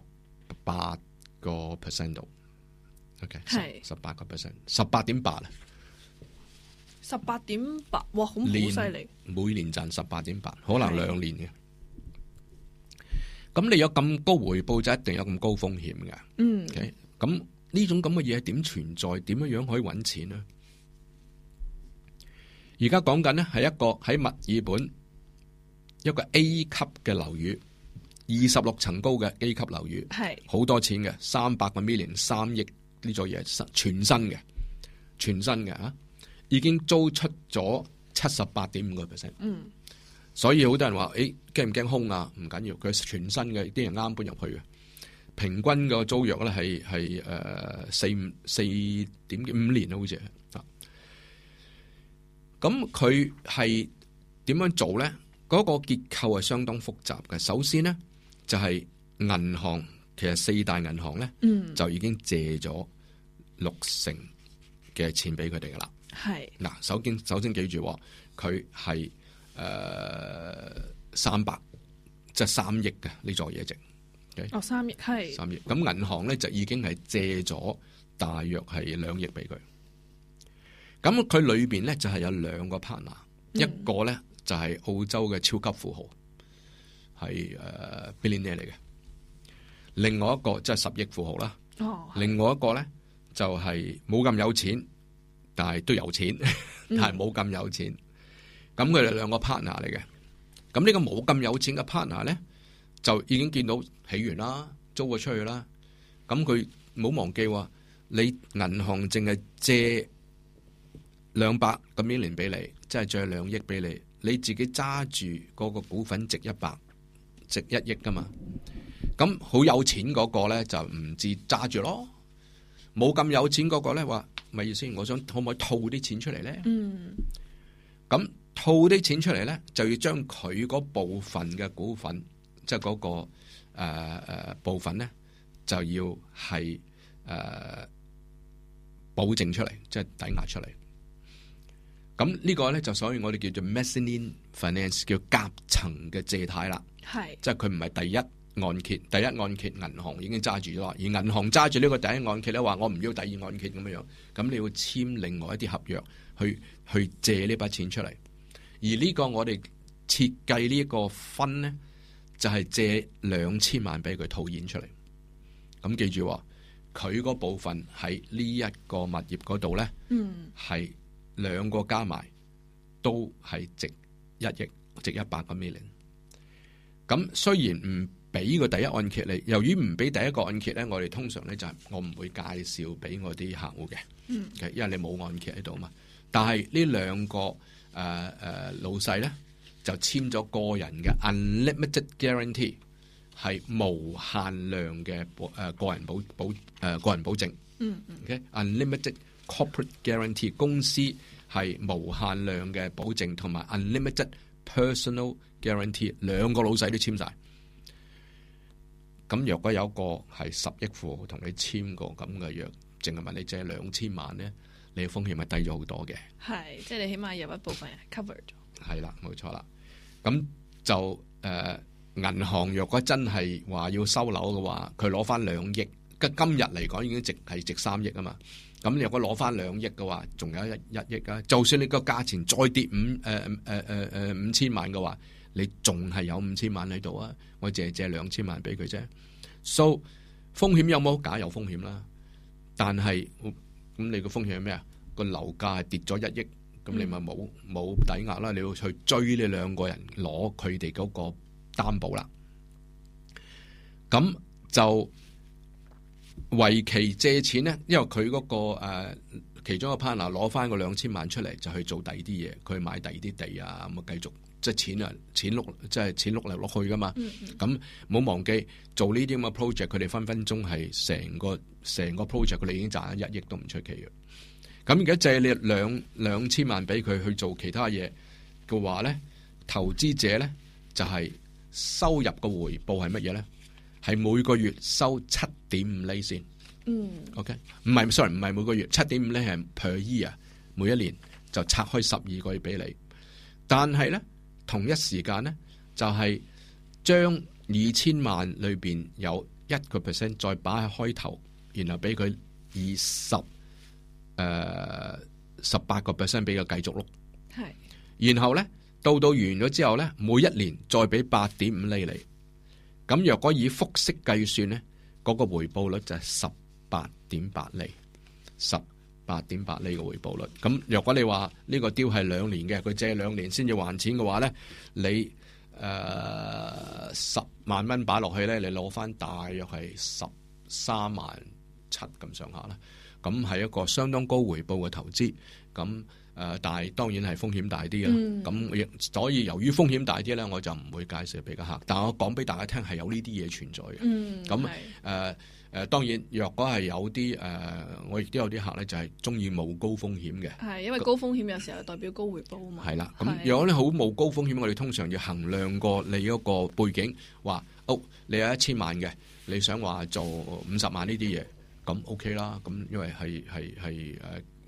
八個 percent 度，OK，係是十八個 percent，十八點八啊，十八點八，哇，好犀利，每年賺十八點八，可能兩年嘅。咁你有咁高回報就一定有咁高風險嘅。嗯，okay? 咁呢種咁嘅嘢點存在？點樣樣可以搵錢呢？而家講緊呢，係一個喺墨爾本一個 A 級嘅樓宇。二十六層高嘅 A 級樓宇，係好是多錢嘅，三百 million 三億呢座嘢，全新嘅全新嘅啊，已經租出咗七十八點五個 percent。嗯，所以好多人話：誒，驚唔驚空啊？唔緊要，佢全新嘅，啲人啱搬入去嘅。平均個租約咧係係誒四五四點五年咯，好似係啊。咁佢係點樣做咧？嗰個結構係相當複雜嘅。首先咧。就係銀行，其實四大銀行咧，就已經借咗六成嘅錢俾佢哋噶啦。係嗱，首先首先記住，佢係誒三百即係三億嘅。呢座嘢值。哦，三億係三億。咁銀行咧就已經係借咗大約係兩億俾佢。咁佢裏邊咧就係、是、有兩個 partner，、嗯、一個咧就係、是、澳洲嘅超級富豪。係誒，billionaire 嚟嘅。另外一個即係十億富豪啦。Oh. 另外一個咧就係冇咁有錢，但係都有錢，mm. 但係冇咁有錢。咁佢哋兩個 partner 嚟嘅。咁呢個冇咁有,有錢嘅 partner 咧，就已經見到起源啦，租咗出去啦。咁佢冇忘記話，你銀行淨係借兩百咁 million 俾你，即係借兩億俾你，你自己揸住嗰個股份值一百。值一億㗎嘛？咁好有錢嗰個咧，就唔止揸住咯。冇咁有錢嗰個咧，話咪意思我想可唔可以套啲錢出嚟咧？嗯，咁套啲錢出嚟咧，就要將佢嗰部分嘅股份，即係嗰個誒、呃、部分咧，就要係誒、呃、保證出嚟，即係抵押出嚟。咁呢個咧就所以我哋叫做 mezzanine finance，叫夾層嘅借貸啦。係，是即係佢唔係第一按揭，第一按揭銀行已經揸住咗，而銀行揸住呢個第一按揭咧，話我唔要第二按揭咁樣樣，咁你要簽另外一啲合約去去借呢筆錢出嚟，而呢個我哋設計呢一個分咧，就係、是、借兩千萬俾佢套現出嚟，咁記住佢個部分喺呢一個物業嗰度咧，嗯，係兩個加埋都係值一億，值一百個 million。咁雖然唔俾個第一按揭你，由於唔俾第一個按揭咧，我哋通常咧就係我唔會介紹俾我啲客戶嘅，嗯、因為你冇按揭喺度嘛。但係呢兩個誒誒、呃呃、老細咧就簽咗個人嘅 unlimited guarantee 係無限量嘅誒個人保、呃、個人保誒、呃、個人保證。嗯嗯。嘅、okay? unlimited corporate guarantee 公司。係無限量嘅保證同埋 unlimited personal guarantee 兩個老細都簽晒。咁若果有一個係十億戶同你簽個咁嘅約，淨係問你借兩千萬咧，你嘅風險係低咗好多嘅。係，即係你起碼有一部分人係 cover 咗。係啦，冇錯啦。咁就誒、呃、銀行若果真係話要收樓嘅話，佢攞翻兩億，今日嚟講已經值係值三億啊嘛。咁你如果攞翻兩億嘅話，仲有一一億啊！就算你個價錢再跌五誒誒誒誒五千萬嘅話，你仲係有五千萬喺度啊！我淨係借兩千萬俾佢啫。So 風險有冇？假有風險啦。但係咁你個風險係咩？個樓價跌咗一億，咁你咪冇冇抵押啦？你要去追呢兩個人攞佢哋嗰個擔保啦。咁就。為期借錢咧，因為佢嗰個誒其中一個 partner 攞翻個兩千萬出嚟，就去做第二啲嘢，佢買第二啲地啊，咁啊繼續即係錢啊，錢碌即係錢碌嚟落去噶嘛。咁唔好忘記做呢啲咁嘅 project，佢哋分分鐘係成個成個 project 佢哋已經賺咗一億都唔出奇嘅。咁而家借你兩兩千萬俾佢去做其他嘢嘅話咧，投資者咧就係收入嘅回報係乜嘢咧？係每個月收七點五厘先，嗯，OK，唔係，sorry，唔係每個月七點五厘係 per year，每一年就拆開十二個月俾你。但係咧，同一時間咧，就係將二千萬裏邊有一個 percent，再擺喺開頭，然後俾佢二十，誒十八個 percent 俾佢繼續碌，係。然後咧，到到完咗之後咧，每一年再俾八點五厘你。咁若果以複式計算呢嗰、嗰個回報率就係十八點八厘。十八點八厘嘅回報率。咁若果你話呢個 deal 係兩年嘅，佢借兩年先至還錢嘅話呢你誒、呃、十萬蚊擺落去呢你攞返大約係十三萬七咁上下啦。咁係一個相當高回報嘅投資。咁誒，但、呃、當然係風險大啲啦。咁亦、嗯、所以，由於風險大啲咧，我就唔會介紹俾個客。但係我講俾大家聽，係有呢啲嘢存在嘅。咁誒誒，當然若果係有啲誒、呃，我亦都有啲客咧，就係中意冇高風險嘅。係因為高風險有時候代表高回報啊嘛。係啦那，咁如果你好冇高風險，我哋通常要衡量過你嗰個背景，話屋、哦、你有一千萬嘅，你想話做五十萬呢啲嘢，咁 OK 啦。咁因為係係係誒。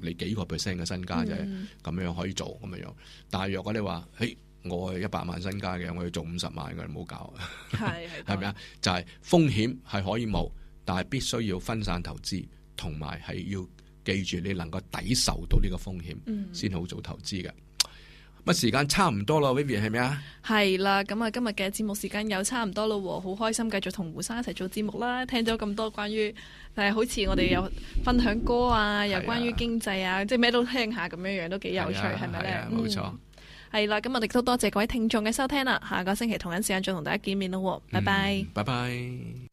你幾個 percent 嘅身家就係咁樣可以做咁樣，但係若果你話，誒，我係一百萬身家嘅，我要做五十萬嘅，你唔好搞，係咪啊？就係、是、風險係可以冇，但係必須要分散投資，同埋係要記住你能夠抵受到呢個風險，先、嗯、好做投資嘅。乜時間差唔多啦，Vivian 係咪啊？係啦，咁啊 今日嘅節目時間又差唔多啦，好開心繼續同胡生一齊做節目啦，聽咗咁多關於誒，好似我哋有分享歌啊，又關於經濟啊，即係咩都聽下咁樣樣都幾有趣，係咪咧？冇錯吧，係啦，咁、嗯、錯我哋都多謝各位聽眾嘅收聽啦，下個星期同一時間再同大家見面咯，嗯、拜拜。拜拜。